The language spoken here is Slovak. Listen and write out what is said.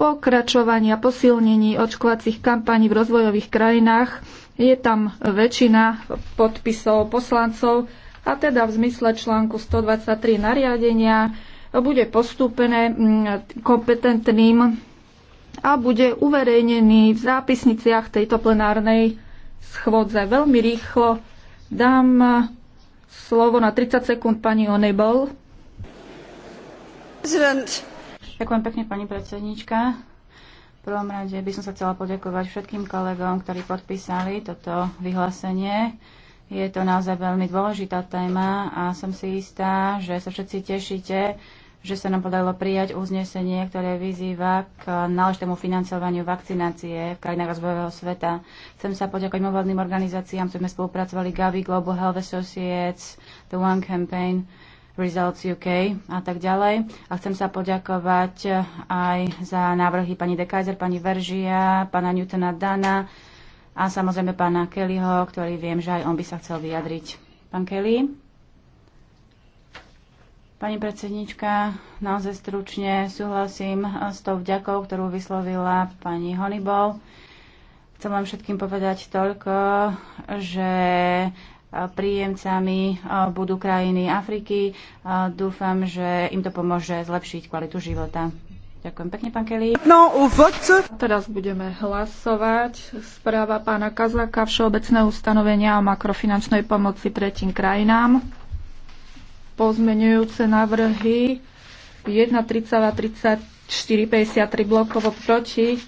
pokračovania, posilnení očkovacích kampaní v rozvojových krajinách. Je tam väčšina podpisov poslancov a teda v zmysle článku 123 nariadenia bude postúpené mm, kompetentným a bude uverejnený v zápisniciach tejto plenárnej schôdze. Veľmi rýchlo dám slovo na 30 sekúnd pani Onebol. President. Ďakujem pekne, pani predsednička. V prvom rade by som sa chcela poďakovať všetkým kolegom, ktorí podpísali toto vyhlásenie. Je to naozaj veľmi dôležitá téma a som si istá, že sa všetci tešíte, že sa nám podarilo prijať uznesenie, ktoré vyzýva k náležitému financovaniu vakcinácie v krajinách rozvojového sveta. Chcem sa poďakovať mimovládnym organizáciám, ktoré sme spolupracovali Gavi, Global Health Associates, The One Campaign Results UK a tak ďalej. A chcem sa poďakovať eh, aj za návrhy pani De Kaiser, pani Veržia, pána Newtona Dana a samozrejme pána Kellyho, ktorý viem, že aj on by sa chcel vyjadriť. Pán Kelly? Pani predsednička, naozaj stručne súhlasím eh, s tou vďakou, ktorú vyslovila pani Honeyball. Chcem vám všetkým povedať toľko, že príjemcami eh, budú krajiny Afriky. Eh, dúfam, že im to pomôže zlepšiť kvalitu života. Ďakujem pekne, pán Kelly. No, uvodcu. Teraz budeme hlasovať. Správa pána Kazaka, Všeobecné ustanovenia o makrofinančnej pomoci tretím krajinám. Pozmenujúce návrhy 1,30 a 34,53 blokovo proti.